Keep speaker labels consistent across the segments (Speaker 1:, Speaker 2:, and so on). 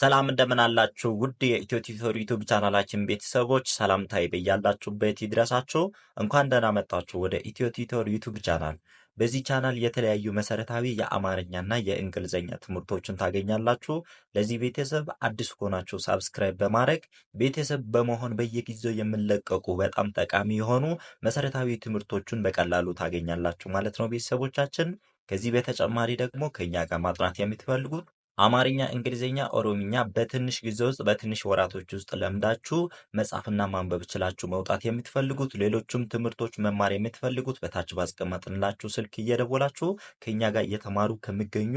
Speaker 1: ሰላም እንደምን አላችሁ? ውድ የኢትዮ ዩቱብ ቻናላችን ቤተሰቦች ሰላምታዬ በያላችሁበት ይድረሳችሁ። እንኳን ደህና መጣችሁ ወደ ኢትዮ ዩቱብ ቻናል። በዚህ ቻናል የተለያዩ መሰረታዊ የአማርኛና የእንግሊዝኛ ትምህርቶችን ታገኛላችሁ። ለዚህ ቤተሰብ አዲስ ከሆናችሁ ሳብስክራይብ በማድረግ ቤተሰብ በመሆን በየጊዜው የምንለቀቁ በጣም ጠቃሚ የሆኑ መሰረታዊ ትምህርቶችን በቀላሉ ታገኛላችሁ ማለት ነው ቤተሰቦቻችን። ከዚህ በተጨማሪ ደግሞ ከእኛ ጋር ማጥናት የምትፈልጉት አማርኛ፣ እንግሊዝኛ፣ ኦሮምኛ በትንሽ ጊዜ ውስጥ በትንሽ ወራቶች ውስጥ ለምዳችሁ መጻፍና ማንበብ ችላችሁ መውጣት የምትፈልጉት ሌሎችም ትምህርቶች መማር የምትፈልጉት በታች ባስቀመጥንላችሁ ስልክ እየደወላችሁ ከኛ ጋር እየተማሩ ከሚገኙ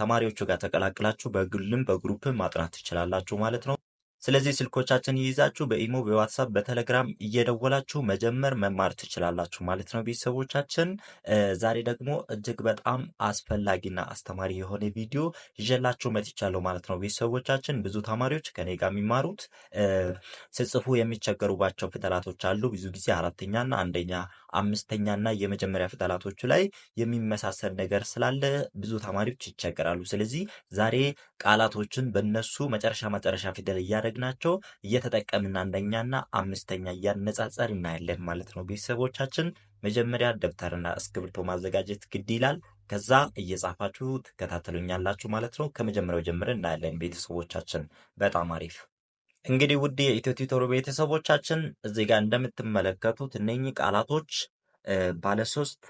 Speaker 1: ተማሪዎቹ ጋር ተቀላቅላችሁ በግልም በግሩፕ ማጥናት ትችላላችሁ ማለት ነው። ስለዚህ ስልኮቻችን ይይዛችሁ በኢሞ በዋትሳፕ በቴሌግራም እየደወላችሁ መጀመር መማር ትችላላችሁ ማለት ነው። ቤተሰቦቻችን ዛሬ ደግሞ እጅግ በጣም አስፈላጊና አስተማሪ የሆነ ቪዲዮ ይዤላችሁ መጥቻለሁ ማለት ነው። ቤተሰቦቻችን ብዙ ተማሪዎች ከኔ ጋር የሚማሩት ስጽፉ የሚቸገሩባቸው ፊደላቶች አሉ። ብዙ ጊዜ አራተኛና አንደኛ አምስተኛና የመጀመሪያ ፊደላቶቹ ላይ የሚመሳሰል ነገር ስላለ ብዙ ተማሪዎች ይቸገራሉ። ስለዚህ ዛሬ ቃላቶችን በነሱ መጨረሻ መጨረሻ ፊደል እያደረገ እያደረግናቸው እየተጠቀምን አንደኛና አምስተኛ እያነጻጸር እናያለን ማለት ነው። ቤተሰቦቻችን መጀመሪያ ደብተርና እስክብርቶ ማዘጋጀት ግድ ይላል። ከዛ እየጻፋችሁ ትከታተሉኛላችሁ ማለት ነው። ከመጀመሪያው ጀምር እናያለን ቤተሰቦቻችን። በጣም አሪፍ እንግዲህ ውድ የኢትዮ ቲቶሮ ቤተሰቦቻችን እዚህ ጋር እንደምትመለከቱት እነኚህ ቃላቶች ባለሶስት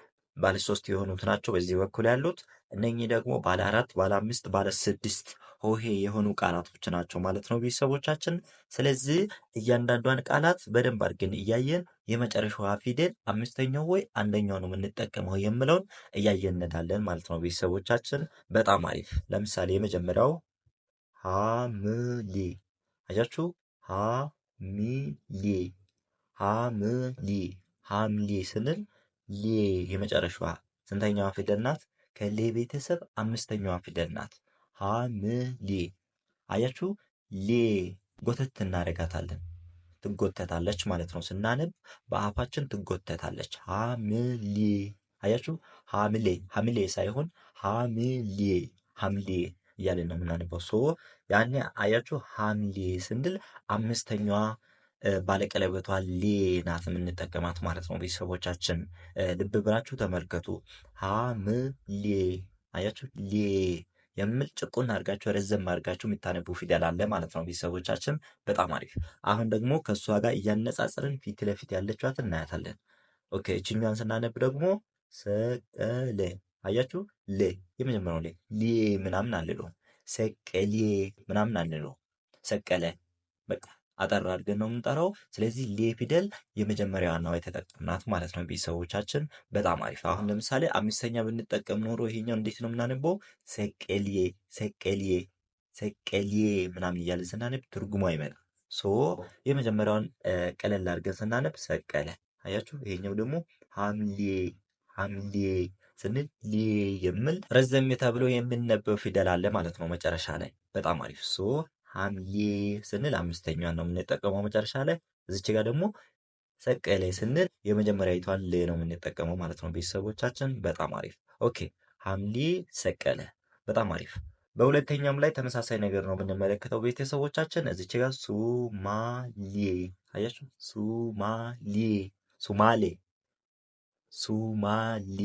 Speaker 1: ባለሶስት የሆኑት ናቸው በዚህ በኩል ያሉት እነኚህ ደግሞ ባለ አራት፣ ባለ አምስት፣ ባለ ስድስት ሆሄ የሆኑ ቃላቶች ናቸው ማለት ነው ቤተሰቦቻችን። ስለዚህ እያንዳንዷን ቃላት በደንብ አድርገን እያየን የመጨረሻዋ ፊደል አምስተኛው ወይ አንደኛው ነው የምንጠቀመው የምለውን እያየን እንሄዳለን ማለት ነው ቤተሰቦቻችን። በጣም አሪፍ። ለምሳሌ የመጀመሪያው ሀምሌ፣ አያችሁ፣ ሀሚሌ፣ ሀምሌ፣ ሀምሌ ስንል ሌ የመጨረሻዋ ስንተኛዋ ፊደል ናት? ከሌ ቤተሰብ አምስተኛዋ ፊደል ናት። ሐምሌ አያችሁ፣ ሌ ጎተት እናደርጋታለን። ትጎተታለች ማለት ነው። ስናነብ በአፋችን ትጎተታለች። ሐምሌ አያችሁ፣ ሐምሌ ሐምሌ ሳይሆን ሐምሌ ሐምሌ እያለን ነው የምናነበው። ሶ ያኔ አያችሁ፣ ሐምሌ ስንል አምስተኛዋ ባለቀለበቷ ሌ ናት የምንጠቀማት ማለት ነው። ቤተሰቦቻችን ልብ ብላችሁ ተመልከቱ። ሐምሌ አያችሁ ሌ የሚል ጭቁን አድርጋችሁ ረዘም አድርጋችሁ የሚታነቡ ፊደል አለ ማለት ነው። ቤተሰቦቻችን በጣም አሪፍ። አሁን ደግሞ ከእሷ ጋር እያነጻጽርን ፊት ለፊት ያለችዋት እናያታለን። ኦኬ እችኛዋን ስናነብ ደግሞ ሰቀለ አያችሁ፣ ሌ የመጀመሪያው ሌ ሌ ምናምን አንልሎ፣ ሰቀሌ ምናምን አንልሎ፣ ሰቀለ በቃ አጠር አድርገን ነው የምንጠራው። ስለዚህ ሌ ፊደል የመጀመሪያ ዋናዋ የተጠቀምናት ማለት ነው ቤተሰቦቻችን። በጣም አሪፍ። አሁን ለምሳሌ አምስተኛ ብንጠቀም ኖሮ ይሄኛው እንዴት ነው የምናነበው? ሰቀልዬ ሰቀልዬ ሰቀልዬ ምናምን እያለን ስናነብ ትርጉሟ አይመጣም። ሶ የመጀመሪያውን ቀለል አድርገን ስናነብ ሰቀለ። አያችሁ። ይሄኛው ደግሞ ሐምሌ ሐምሌ ስንል ሌ የሚል ረዘም ተብሎ የምንነበው ፊደል አለ ማለት ነው መጨረሻ ላይ። በጣም አሪፍ ሶ ሀምዬ ስንል አምስተኛዋን ነው የምንጠቀመው መጨረሻ ላይ። እዚች ጋር ደግሞ ሰቀለ ስንል ይቷን ል ነው የምንጠቀመው ማለት ነው። ቤተሰቦቻችን በጣም አሪፍ ኦኬ። ሐምሌ ሰቀለ በጣም አሪፍ። በሁለተኛም ላይ ተመሳሳይ ነገር ነው የምንመለከተው ቤተሰቦቻችን። እዚች ጋር ሱማሌ አያችሁ፣ ሱማሌ ሱማሌ ሱማሌ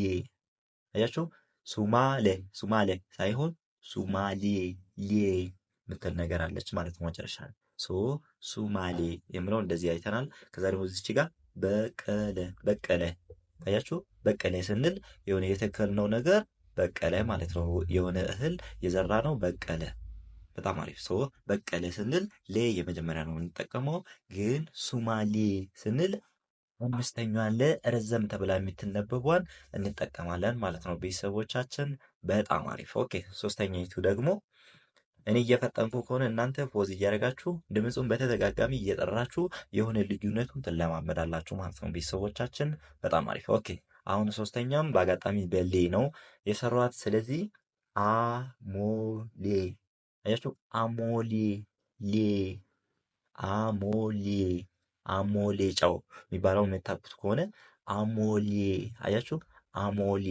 Speaker 1: አያችሁ፣ ሱማሌ ሱማሌ ሳይሆን ሱማሌ ምትል ነገር አለች ማለት ነው። ሶ ሱማሌ የምለው እንደዚህ አይተናል። ከዛ ደግሞ እዚች ጋር በቀለ በቀለ ታያችሁ። በቀለ ስንል የሆነ የተከልነው ነገር በቀለ ማለት ነው። የሆነ እህል የዘራ ነው በቀለ። በጣም አሪፍ ሶ በቀለ ስንል ሌ የመጀመሪያ ነው የምንጠቀመው። ግን ሱማሌ ስንል አምስተኛዋን ለረዘም ተብላ የምትነበቧን እንጠቀማለን ማለት ነው። ቤተሰቦቻችን በጣም አሪፍ ኦኬ። ሶስተኛይቱ ደግሞ እኔ እየፈጠንኩ ከሆነ እናንተ ፖዝ እያደረጋችሁ ድምፁን በተደጋጋሚ እየጠራችሁ የሆነ ልዩነቱን ትለማመዳላችሁ ማለት ነው። ቤተሰቦቻችን በጣም አሪፍ ኦኬ። አሁን ሶስተኛም በአጋጣሚ በሌ ነው የሰሯት። ስለዚህ አሞሌ አያችሁ፣ አሞሌ ሌ አሞሌ አሞሌ ጨው የሚባለው የምታውቁት ከሆነ አሞሌ አያችሁ፣ አሞሌ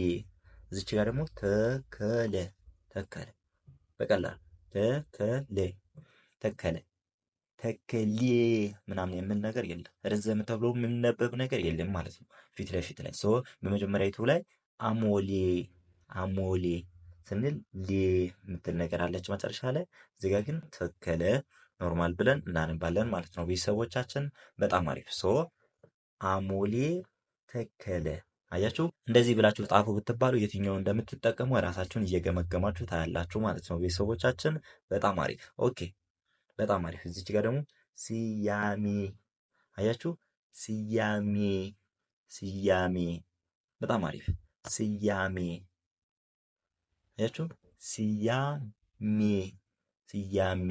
Speaker 1: እዚች ጋር ደግሞ ተከለ ተከለ በቀላል ተከሌ ተከለ ተከሌ ምናምን የምን ነገር የለም። ረዘም ተብሎ የሚነበብ ነገር የለም ማለት ነው። ፊት ለፊት ላይ ሰው በመጀመሪያዊቱ ላይ አሞሌ አሞሌ ስንል ሌ የምትል ነገር አለች መጨረሻ ላይ። እዚጋ ግን ተከለ ኖርማል ብለን እናንባለን ማለት ነው። ቤተሰቦቻችን በጣም አሪፍ ሶ አሞሌ ተከለ አያችሁ እንደዚህ ብላችሁ ጣፉ ብትባሉ የትኛው እንደምትጠቀሙ ራሳችሁን እየገመገማችሁ ታያላችሁ ማለት ነው። ቤተሰቦቻችን በጣም አሪፍ ኦኬ፣ በጣም አሪፍ። እዚች ጋር ደግሞ ስያሜ አያችሁ፣ ስያሜ ስያሜ፣ በጣም አሪፍ ስያሜ። አያችሁ ስያሜ ስያሜ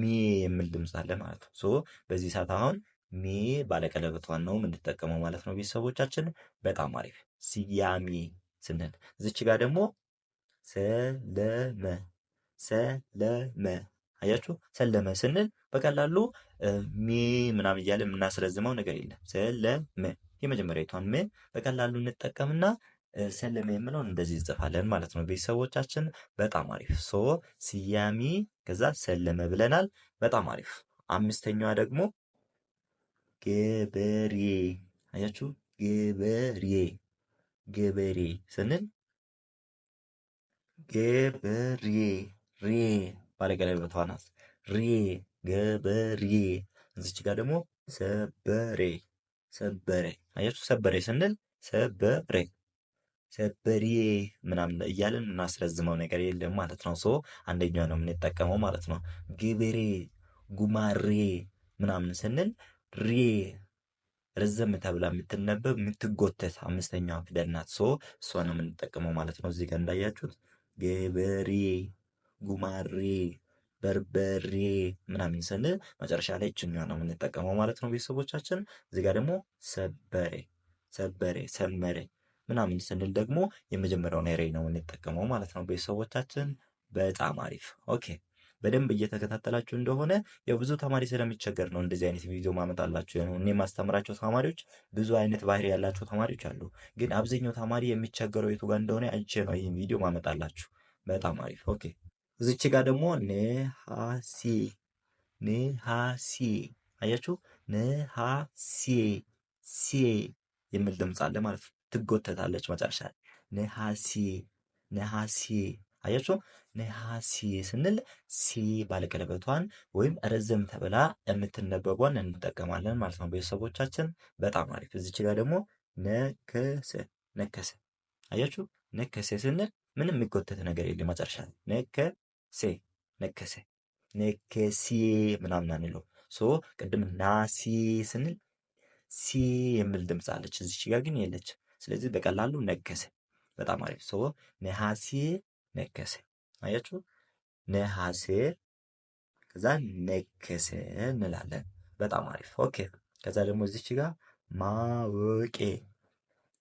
Speaker 1: ሜ የሚል ድምፅ አለ ማለት ነው። በዚህ ሰዓት አሁን ሜ ባለቀለበቷን ነው የምንጠቀመው ማለት ነው ቤተሰቦቻችን። በጣም አሪፍ ስያሜ ስንል እዚች ጋር ደግሞ ሰለመ ሰለመ አያችሁ፣ ሰለመ ስንል በቀላሉ ሜ ምናምን እያለ የምናስረዝመው ነገር የለም። ሰለመ የመጀመሪያዊቷን ሜ በቀላሉ እንጠቀምና ሰለመ የምለውን እንደዚህ እንጽፋለን ማለት ነው ቤተሰቦቻችን። በጣም አሪፍ ሶ ስያሜ፣ ከዛ ሰለመ ብለናል። በጣም አሪፍ አምስተኛዋ ደግሞ ገበሬ አያችሁ፣ ገበሬ ገበሬ ስንል ገበሬ ሬ ባለቀለበቷ ናት። ሬ ገበሬ። እዚች ጋር ደግሞ ሰበሬ ሰበሬ አያችሁ፣ ሰበሬ ስንል ሰበሬ ሰበሬ ምናምን እያልን እናስረዝመው ነገር የለም ማለት ነው። ሶ አንደኛው ነው የምንጠቀመው ማለት ነው። ገበሬ ጉማሬ ምናምን ስንል ሬ ረዘም ተብላ የምትነበብ የምትጎተት አምስተኛዋ ፊደል ናት። ሶ እሷ ነው የምንጠቀመው ማለት ነው። እዚህ ጋር እንዳያችሁት ገበሬ፣ ጉማሬ፣ በርበሬ ምናምን ስንል መጨረሻ ላይ ችኛ ነው የምንጠቀመው ማለት ነው። ቤተሰቦቻችን እዚህ ጋር ደግሞ ሰበሬ፣ ሰበሬ፣ ሰመሬ ምናምን ስንል ደግሞ የመጀመሪያውን ሬ ነው የምንጠቀመው ማለት ነው። ቤተሰቦቻችን በጣም አሪፍ ኦኬ። በደንብ እየተከታተላችሁ እንደሆነ ያው ብዙ ተማሪ ስለሚቸገር ነው እንደዚህ አይነት ቪዲዮ ማመጣላችሁ ነው። እኔ የማስተምራቸው ተማሪዎች ብዙ አይነት ባህሪ ያላቸው ተማሪዎች አሉ። ግን አብዛኛው ተማሪ የሚቸገረው የቱ ጋር እንደሆነ አይቼ ነው ይህን ቪዲዮ ማመጣላችሁ። በጣም አሪፍ ኦኬ። እዚች ጋር ደግሞ ነሐሴ ነሐሴ አያችሁ፣ ነሐሴ ሲ የሚል ድምፅ አለ ማለት ትጎተታለች መጨረሻ ነሐሴ ነሐሴ አያችሁ ነሐሴ ስንል ሲ ባለቀለበቷን ወይም ረዘም ተብላ የምትነበቧን እንጠቀማለን ማለት ነው። ቤተሰቦቻችን በጣም አሪፍ። እዚች ጋር ደግሞ ነከሰ ነከሰ። አያችሁ ነከሰ ስንል ምንም የሚጎተት ነገር የለም። መጨረሻ ነከሴ ነከሰ ነከሴ ምናምን አንለው። ሶ ቅድም ናሲ ስንል ሲ የሚል ድምፅ አለች፣ እዚች ጋር ግን የለች። ስለዚህ በቀላሉ ነከሰ። በጣም አሪፍ። ሶ ነሐሴ ነከሰ። አያችሁ ነሐሴ ከዛ ነከሰ እንላለን። በጣም አሪፍ ኦኬ። ከዛ ደግሞ እዚች ጋር ማወቄ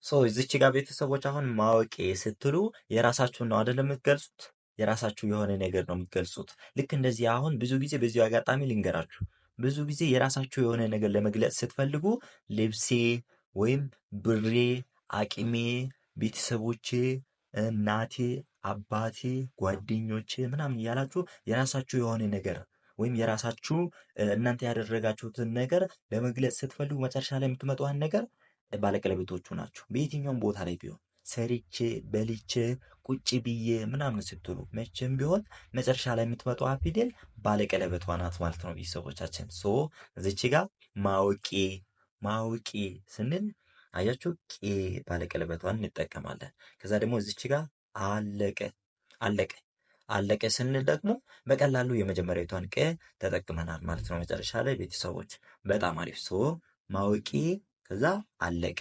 Speaker 1: ሶ እዚች ጋር ቤተሰቦች አሁን ማወቄ ስትሉ የራሳችሁን ነው አይደል የምትገልጹት? የራሳችሁ የሆነ ነገር ነው የምትገልጹት። ልክ እንደዚህ አሁን ብዙ ጊዜ በዚሁ አጋጣሚ ልንገራችሁ፣ ብዙ ጊዜ የራሳችሁ የሆነ ነገር ለመግለጽ ስትፈልጉ ልብሴ ወይም ብሬ፣ አቅሜ፣ ቤተሰቦቼ፣ እናቴ አባቴ፣ ጓደኞቼ ምናምን እያላችሁ የራሳችሁ የሆነ ነገር ወይም የራሳችሁ እናንተ ያደረጋችሁትን ነገር ለመግለጽ ስትፈልጉ መጨረሻ ላይ የምትመጣዋን ነገር ባለቀለቤቶቹ ናቸው። በየትኛውም ቦታ ላይ ቢሆን ሰሪቼ፣ በልቼ ቁጭ ብዬ ምናምን ስትሉ መቼም ቢሆን መጨረሻ ላይ የምትመጣዋ ፊደል ባለቀለበቷ ናት ማለት ነው። ቤተሰቦቻችን ሶ እዚች ጋር ማወቄ ማወቄ ስንል አያችሁ ቄ ባለቀለበቷን እንጠቀማለን። ከዛ ደግሞ እዚች ጋር አለቀ አለቀ አለቀ ስንል ደግሞ በቀላሉ የመጀመሪያዊቷን ቀ ተጠቅመናል ማለት ነው። መጨረሻ ላይ ቤተሰቦች በጣም አሪፍ ሶ ማወቂ ከዛ አለቀ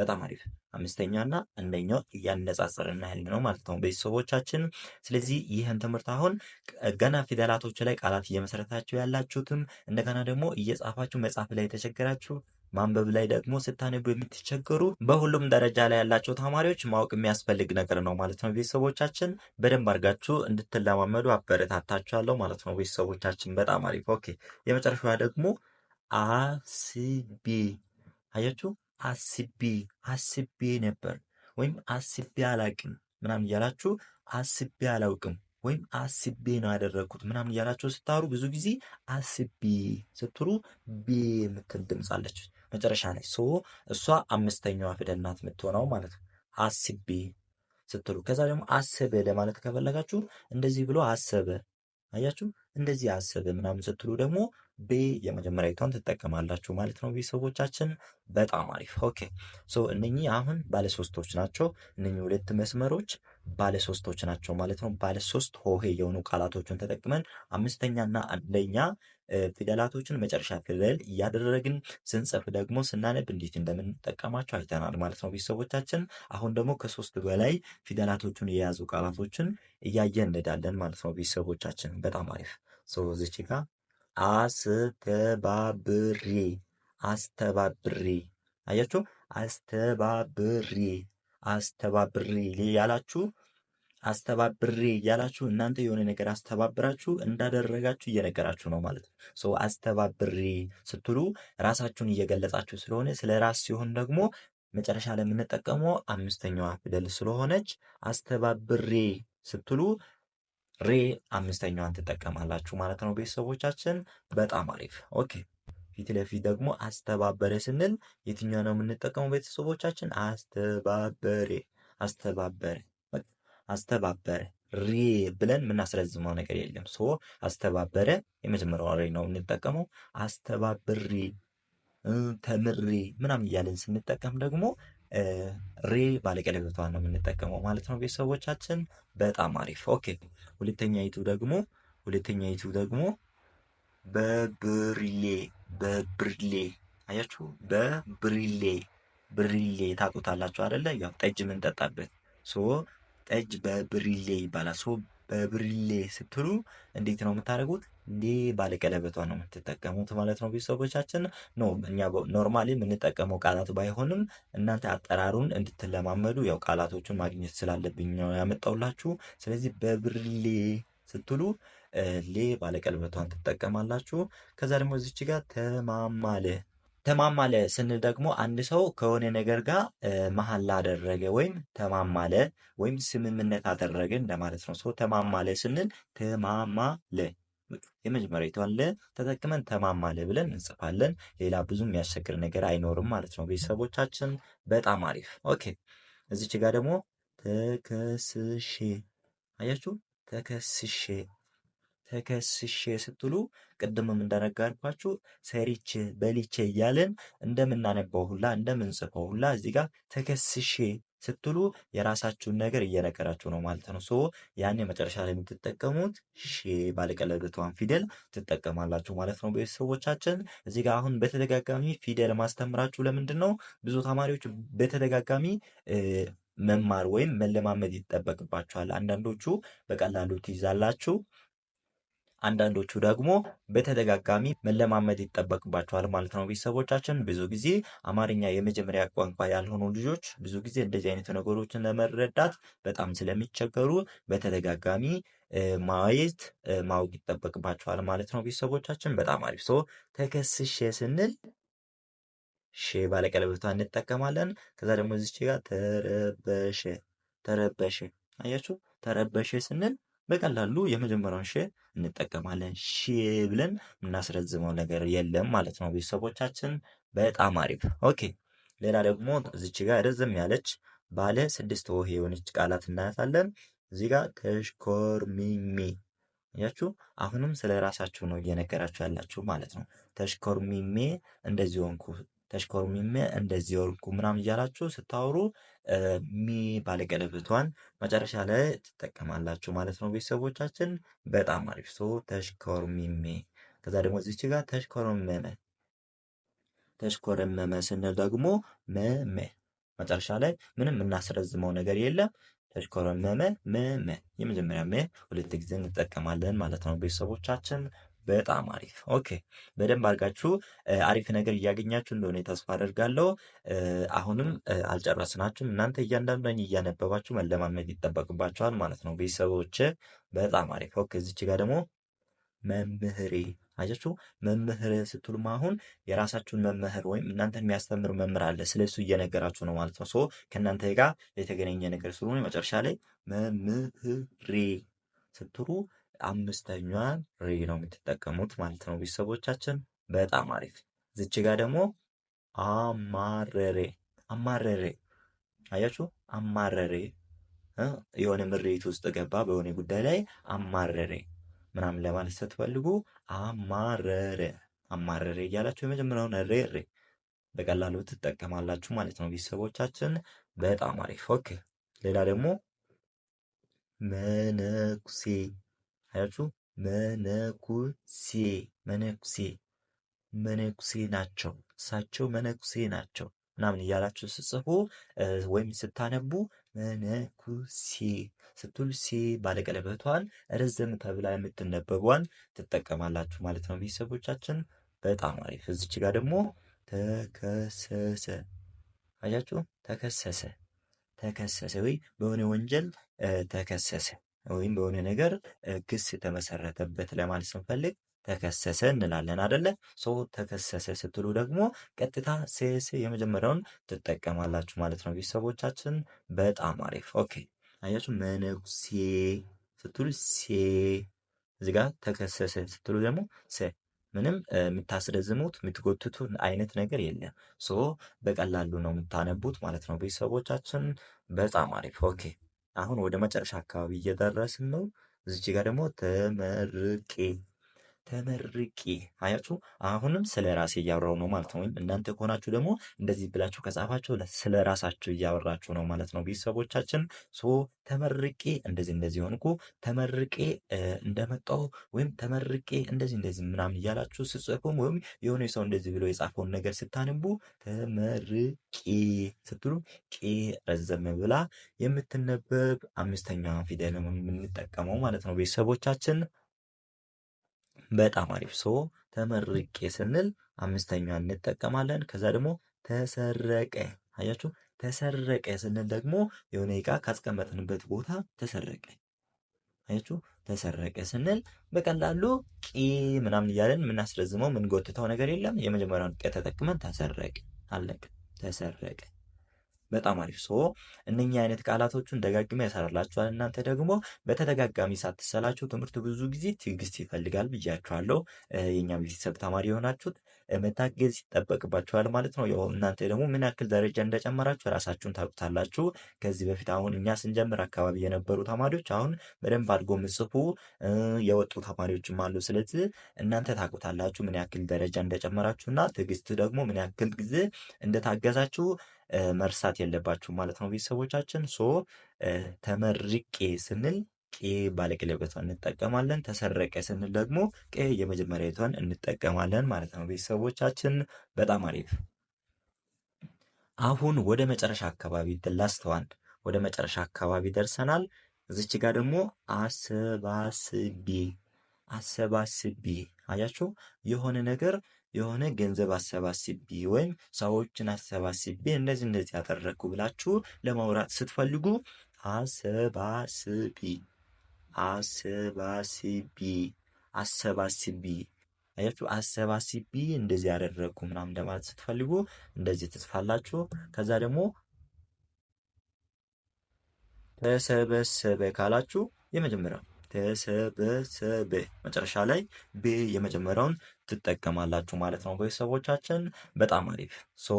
Speaker 1: በጣም አሪፍ አምስተኛና አንደኛው እያነጻጸርና ያለ ነው ማለት ነው ቤተሰቦቻችን። ስለዚህ ይህን ትምህርት አሁን ገና ፊደላቶች ላይ ቃላት እየመሰረታችሁ ያላችሁትም እንደገና ደግሞ እየጻፋችሁ መጻፍ ላይ የተቸገራችሁ ማንበብ ላይ ደግሞ ስታነቡ የምትቸገሩ በሁሉም ደረጃ ላይ ያላቸው ተማሪዎች ማወቅ የሚያስፈልግ ነገር ነው ማለት ነው። ቤተሰቦቻችን በደንብ አድርጋችሁ እንድትለማመዱ አበረታታችኋለሁ ማለት ነው። ቤተሰቦቻችን በጣም አሪፍ። ኦኬ፣ የመጨረሻዋ ደግሞ አሲቢ አያችሁ፣ አሲቢ አሲቢ ነበር ወይም አሲቢ አላቅም ምናምን እያላችሁ አስቢ አላውቅም ወይም አስቢ ነው ያደረግኩት ምናምን እያላችሁ ስታወሩ ብዙ ጊዜ አስቢ ስትሉ ቤ የምትል ድምፅ አለች። መጨረሻ ላይ ሶ እሷ አምስተኛዋ ፊደል ናት የምትሆነው ማለት ነው። አስቤ ስትሉ ከዛ ደግሞ አስበ ለማለት ከፈለጋችሁ እንደዚህ ብሎ አሰበ አያችሁ። እንደዚህ አስብ ምናምን ስትሉ ደግሞ ቤ የመጀመሪያዊቷን ትጠቀማላችሁ ማለት ነው። ቤተሰቦቻችን በጣም አሪፍ ኦኬ። ሶ እነኚህ አሁን ባለሶስቶች ናቸው። እነኚህ ሁለት መስመሮች ባለሶስቶች ናቸው ማለት ነው። ባለሶስት ሆሄ የሆኑ ቃላቶችን ተጠቅመን አምስተኛና አንደኛ ፊደላቶችን መጨረሻ ፊደል እያደረግን ስንጽፍ ደግሞ ስናነብ እንዴት እንደምንጠቀማቸው አይተናል ማለት ነው ቤተሰቦቻችን። አሁን ደግሞ ከሶስት በላይ ፊደላቶቹን የያዙ ቃላቶችን እያየን እንሄዳለን ማለት ነው ቤተሰቦቻችን። በጣም አሪፍ እዚች ጋ አስተባብሪ አያችሁ፣ አስተባብሪ አስተባብሪ ያላችሁ አስተባብሪ እያላችሁ እናንተ የሆነ ነገር አስተባብራችሁ እንዳደረጋችሁ እየነገራችሁ ነው ማለት ነው። ሰው አስተባብሪ ስትሉ ራሳችሁን እየገለጻችሁ ስለሆነ ስለ ራስ ሲሆን ደግሞ መጨረሻ ላይ የምንጠቀመው አምስተኛዋ ፊደል ስለሆነች አስተባብሪ ስትሉ ሬ አምስተኛዋን ትጠቀማላችሁ ማለት ነው ቤተሰቦቻችን። በጣም አሪፍ ኦኬ። ፊት ለፊት ደግሞ አስተባበረ ስንል የትኛው ነው የምንጠቀመው ቤተሰቦቻችን? አስተባበሬ አስተባበረ አስተባበረ ሬ ብለን የምናስረዝመው ነገር የለም። ሶ አስተባበረ የመጀመሪያው ሬ ነው የምንጠቀመው። አስተባብሬ ተምሬ ምናምን እያለን ስንጠቀም ደግሞ ሬ ባለቀለበቷ ነው የምንጠቀመው ማለት ነው ቤተሰቦቻችን። በጣም አሪፍ ኦኬ። ሁለተኛይቱ ደግሞ ሁለተኛይቱ ደግሞ በብርሌ በብርሌ አያችሁ፣ በብርሌ ብርሌ ታውቁታላችሁ አደለ? ያው ጠጅ የምንጠጣበት ሶ ጠጅ በብርሌ ይባላል። ሶ በብርሌ ስትሉ እንዴት ነው የምታደርጉት? እንዲህ ባለቀለበቷ ነው የምትጠቀሙት ማለት ነው ቤተሰቦቻችን። ኖ እኛ ኖርማሊ የምንጠቀመው ቃላት ባይሆንም እናንተ አጠራሩን እንድትለማመዱ ያው ቃላቶቹን ማግኘት ስላለብኝ ነው ያመጣውላችሁ። ስለዚህ በብርሌ ስትሉ ሌ ባለቀለበቷን ትጠቀማላችሁ። ከዛ ደግሞ እዚች ጋር ተማማለ ተማማለ ስንል ደግሞ አንድ ሰው ከሆነ ነገር ጋር መሀል አደረገ ወይም ተማማለ ወይም ስምምነት አደረገ እንደማለት ነው። ሰው ተማማለ ስንል ተማማለ የመጀመሪያዋ ተጠቅመን ተማማለ ብለን እንጽፋለን። ሌላ ብዙ የሚያስቸግር ነገር አይኖርም ማለት ነው። ቤተሰቦቻችን በጣም አሪፍ። ኦኬ እዚች ጋር ደግሞ ተከስሼ፣ አያችሁ ተከስሼ ተከስሼ ስትሉ ቅድምም እንደነገርኳችሁ ሰሪቼ በሊቼ እያለን እንደምናነባው ሁላ እንደምንጽፈው ሁላ እዚህ ጋር ተከስሼ ስትሉ የራሳችሁን ነገር እየነገራችሁ ነው ማለት ነው። ሶ ያን የመጨረሻ ላይ የምትጠቀሙት ሼ ባለቀለበቷን ፊደል ትጠቀማላችሁ ማለት ነው። ቤተሰቦቻችን እዚህ ጋር አሁን በተደጋጋሚ ፊደል ማስተምራችሁ ለምንድን ነው? ብዙ ተማሪዎች በተደጋጋሚ መማር ወይም መለማመድ ይጠበቅባችኋል። አንዳንዶቹ በቀላሉ ትይዛላችሁ አንዳንዶቹ ደግሞ በተደጋጋሚ መለማመድ ይጠበቅባቸዋል ማለት ነው። ቤተሰቦቻችን ብዙ ጊዜ አማርኛ የመጀመሪያ ቋንቋ ያልሆኑ ልጆች ብዙ ጊዜ እንደዚህ አይነት ነገሮችን ለመረዳት በጣም ስለሚቸገሩ በተደጋጋሚ ማየት ማወቅ ይጠበቅባቸዋል ማለት ነው። ቤተሰቦቻችን በጣም አሪፍ ሰው ተከስሼ ስንል ሼ ባለቀለበቷ እንጠቀማለን። ከዛ ደግሞ እዚች ጋር ተረበሸ ተረበሸ አያችሁ፣ ተረበሸ ስንል በቀላሉ የመጀመሪያውን ሼ እንጠቀማለን። ሺ ብለን የምናስረዝመው ነገር የለም ማለት ነው። ቤተሰቦቻችን በጣም አሪፍ። ኦኬ ሌላ ደግሞ እዚች ጋር ረዘም ያለች ባለ ስድስት ወህ የሆነች ቃላት እናያታለን። እዚህ ጋር ተሽኮርሚሚ ያችሁ አሁንም ስለ ራሳችሁ ነው እየነገራችሁ ያላችሁ ማለት ነው። ተሽኮርሚሜ እንደዚህ ሆንኩ ተሽኮርሚም እንደዚህ ወርኩ ምናምን እያላችሁ ስታወሩ ሚ ባለቀለበቷን መጨረሻ ላይ ትጠቀማላችሁ ማለት ነው። ቤተሰቦቻችን በጣም አሪፍ ሶ ተሽኮርሚሜ። ከዛ ደግሞ እዚች ጋር ተሽኮርመመ ተሽኮረመመ ስንል ደግሞ መመ መጨረሻ ላይ ምንም እናስረዝመው ነገር የለም። ተሽኮረመመ መመ የመጀመሪያ መ ሁለት ጊዜ እንጠቀማለን ማለት ነው ቤተሰቦቻችን። በጣም አሪፍ ኦኬ። በደንብ አድርጋችሁ አሪፍ ነገር እያገኛችሁ እንደሆነ ተስፋ አደርጋለሁ። አሁንም አልጨረስናችሁም። እናንተ እያንዳንዱን እያነበባችሁ መለማመድ ይጠበቅባችኋል ማለት ነው ቤተሰቦች። በጣም አሪፍ ኦኬ። እዚች ጋር ደግሞ መምህሬ አያችሁ መምህር ስትሉም አሁን የራሳችሁን መምህር ወይም እናንተን የሚያስተምር መምህር አለ። ስለሱ እየነገራችሁ ነው ማለት ነው። ሶ ከእናንተ ጋር የተገናኘ ነገር ስለሆነ መጨረሻ ላይ መምህሬ ስትሉ አምስተኛዋን ሪ ነው የምትጠቀሙት ማለት ነው ቤተሰቦቻችን። በጣም አሪፍ። ዝች ጋ ደግሞ አማረሬ አማረሬ፣ አያችሁ አማረሬ፣ የሆነ ምሬት ውስጥ ገባ በሆነ ጉዳይ ላይ አማረሬ ምናምን ለማለት ስትፈልጉ አማረሬ አማረሬ እያላችሁ የመጀመሪያውን ሬሬ በቀላሉ ትጠቀማላችሁ ማለት ነው ቤተሰቦቻችን። በጣም አሪፍ ኦኬ። ሌላ ደግሞ መነኩሴ አያችሁ መነኩሴ መነኩሴ መነኩሴ ናቸው እሳቸው መነኩሴ ናቸው ምናምን እያላችሁ ስጽፉ ወይም ስታነቡ መነኩሴ ስትሉ ሴ ባለቀለበቷን ረዘም ተብላ የምትነበቧን ትጠቀማላችሁ ማለት ነው። ቤተሰቦቻችን በጣም አሪፍ። እዚች ጋር ደግሞ ተከሰሰ አያችሁ፣ ተከሰሰ ተከሰሰ ወይ በሆነ ወንጀል ተከሰሰ ወይም በሆነ ነገር ክስ የተመሰረተበት ለማለት ስንፈልግ ተከሰሰ እንላለን አደለ? ሰው ተከሰሰ ስትሉ ደግሞ ቀጥታ ሴስ የመጀመሪያውን ትጠቀማላችሁ ማለት ነው ቤተሰቦቻችን። በጣም አሪፍ ኦኬ። አያችሁ መነኩሴ ስትሉ ሴ፣ እዚህ ተከሰሰ ስትሉ ደግሞ ሰ። ምንም የምታስደዝሙት የምትጎትቱ አይነት ነገር የለም። ሶ በቀላሉ ነው የምታነቡት ማለት ነው ቤተሰቦቻችን። በጣም አሪፍ ኦኬ። አሁን ወደ መጨረሻ አካባቢ እየደረስን ነው። እዚች ጋር ደግሞ ተመርቄ ተመርቄ አያችሁ፣ አሁንም ስለ ራሴ እያወራው ነው ማለት ነው። ወይም እናንተ ከሆናችሁ ደግሞ እንደዚህ ብላችሁ ከጻፋችሁ ስለ ራሳችሁ እያወራችሁ ነው ማለት ነው። ቤተሰቦቻችን ሶ ተመርቄ እንደዚህ እንደዚህ ሆንኩ፣ ተመርቄ እንደመጣሁ ወይም ተመርቄ እንደዚህ እንደዚህ ምናምን እያላችሁ ስጽፉም ወይም የሆነ ሰው እንደዚህ ብሎ የጻፈውን ነገር ስታንቡ ተመርቄ ስትሉ ቄ ረዘም ብላ የምትነበብ አምስተኛ ፊደል የምንጠቀመው ማለት ነው ቤተሰቦቻችን በጣም አሪፍ ሶ ተመርቄ ስንል አምስተኛዋን እንጠቀማለን። ከዛ ደግሞ ተሰረቀ አያችሁ፣ ተሰረቀ ስንል ደግሞ የሆነ እቃ ካስቀመጥንበት ቦታ ተሰረቀ። አያችሁ፣ ተሰረቀ ስንል በቀላሉ ቂ ምናምን እያለን የምናስረዝመው የምንጎትተው ነገር የለም። የመጀመሪያውን ቀ ተጠቅመን ተሰረቀ አለቅ ተሰረቀ በጣም አሪፍ ሶ እነኛ አይነት ቃላቶቹን ደጋግማ ያሰራላችኋል። እናንተ ደግሞ በተደጋጋሚ ሳትሰላችሁ ትምህርት ብዙ ጊዜ ትዕግስት ይፈልጋል ብያችኋለሁ። የእኛ ቤተሰብ ተማሪ የሆናችሁት መታገዝ ይጠበቅባችኋል ማለት ነው። ያው እናንተ ደግሞ ምን ያክል ደረጃ እንደጨመራችሁ ራሳችሁን ታውቁታላችሁ። ከዚህ በፊት አሁን እኛ ስንጀምር አካባቢ የነበሩ ተማሪዎች አሁን በደንብ አድርጎ ምጽፉ የወጡ ተማሪዎችም አሉ። ስለዚህ እናንተ ታውቁታላችሁ ምን ያክል ደረጃ እንደጨመራችሁና ትዕግስት ደግሞ ምን ያክል ጊዜ እንደታገዛችሁ መርሳት የለባችሁ ማለት ነው። ቤተሰቦቻችን ሶ ተመርቄ ስንል ቄ ባለቀለበቷን እንጠቀማለን። ተሰረቀ ስንል ደግሞ የመጀመሪያ የመጀመሪያዊቷን እንጠቀማለን ማለት ነው። ቤተሰቦቻችን በጣም አሪፍ። አሁን ወደ መጨረሻ አካባቢ ላስተዋል። ወደ መጨረሻ አካባቢ ደርሰናል። እዚች ጋር ደግሞ አሰባስቢ አሰባስቢ አያችሁ፣ የሆነ ነገር የሆነ ገንዘብ አሰባስቢ ወይም ሰዎችን አሰባስቢ እንደዚህ እንደዚህ ያደረግኩ ብላችሁ ለማውራት ስትፈልጉ አሰባስቢ አሰባስቢ አሰባስቢ አያችሁ አሰባስቢ እንደዚህ ያደረግኩ ምናምን ለማለት ስትፈልጉ እንደዚህ ትጽፋላችሁ። ከዛ ደግሞ ተሰበሰበ ካላችሁ የመጀመሪያው ተሰበሰበ መጨረሻ ላይ ቤ የመጀመሪያውን ትጠቀማላችሁ ማለት ነው። ቤተሰቦቻችን በጣም አሪፍ ሶ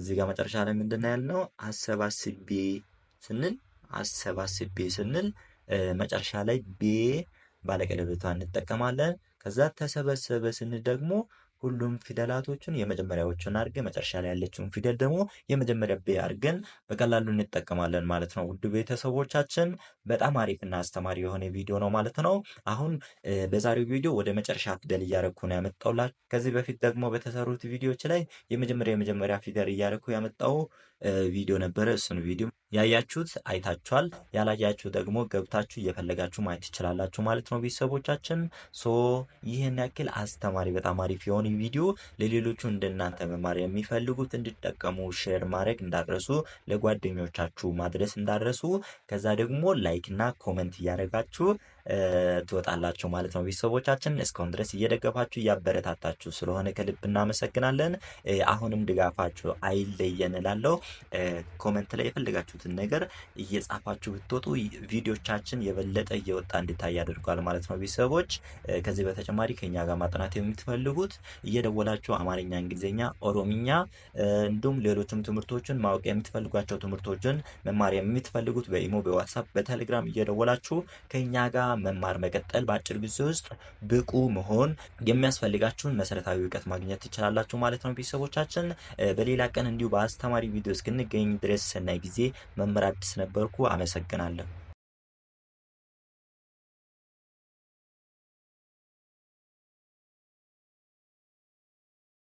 Speaker 1: እዚህ ጋር መጨረሻ ላይ ምንድን ነው ያልነው? አሰባስቤ ስንል አሰባስቤ ስንል መጨረሻ ላይ ቤ ባለቀለበቷ እንጠቀማለን። ከዛ ተሰበሰበ ስንል ደግሞ ሁሉም ፊደላቶችን የመጀመሪያዎቹን አድርገን መጨረሻ ላይ ያለችውን ፊደል ደግሞ የመጀመሪያ ቤ አድርገን በቀላሉ እንጠቀማለን ማለት ነው። ውድ ቤተሰቦቻችን በጣም አሪፍና አስተማሪ የሆነ ቪዲዮ ነው ማለት ነው። አሁን በዛሬው ቪዲዮ ወደ መጨረሻ ፊደል እያደረኩ ነው ያመጣውላችሁ። ከዚህ በፊት ደግሞ በተሰሩት ቪዲዮዎች ላይ የመጀመሪያ የመጀመሪያ ፊደል እያደረኩ ያመጣው ቪዲዮ ነበረ። እሱን ቪዲዮ ያያችሁት አይታችኋል። ያላያችሁ ደግሞ ገብታችሁ እየፈለጋችሁ ማየት ትችላላችሁ ማለት ነው። ቤተሰቦቻችን ሶ ይህን ያክል አስተማሪ በጣም አሪፍ የሆነ አሁን ቪዲዮ ለሌሎቹ እንደናንተ መማር የሚፈልጉት እንዲጠቀሙ ሼር ማድረግ እንዳረሱ፣ ለጓደኞቻችሁ ማድረስ እንዳረሱ። ከዛ ደግሞ ላይክ እና ኮመንት እያደረጋችሁ ትወጣላችሁ ማለት ነው። ቤተሰቦቻችን እስካሁን ድረስ እየደገፋችሁ እያበረታታችሁ ስለሆነ ከልብ እናመሰግናለን። አሁንም ድጋፋችሁ አይለየን እላለሁ። ኮመንት ላይ የፈለጋችሁትን ነገር እየጻፋችሁ ብትወጡ ቪዲዮቻችን የበለጠ እየወጣ እንዲታይ ያደርጓል ማለት ነው። ቤተሰቦች ከዚህ በተጨማሪ ከኛ ጋር ማጥናት የምትፈልጉት እየደወላችሁ አማርኛ፣ እንግሊዝኛ፣ ኦሮምኛ እንዲሁም ሌሎችም ትምህርቶችን ማወቅ የምትፈልጓቸው ትምህርቶችን መማር የምትፈልጉት በኢሞ፣ በዋትሳፕ፣ በቴሌግራም እየደወላችሁ ከኛ ጋር መማር መቀጠል፣ በአጭር ጊዜ ውስጥ ብቁ መሆን የሚያስፈልጋችሁን መሰረታዊ እውቀት ማግኘት ትችላላችሁ ማለት ነው። ቤተሰቦቻችን በሌላ ቀን እንዲሁ በአስተማሪ ቪዲዮ እስክንገኝ ድረስ ሰናይ ጊዜ። መምህር አዲስ ነበርኩ። አመሰግናለሁ።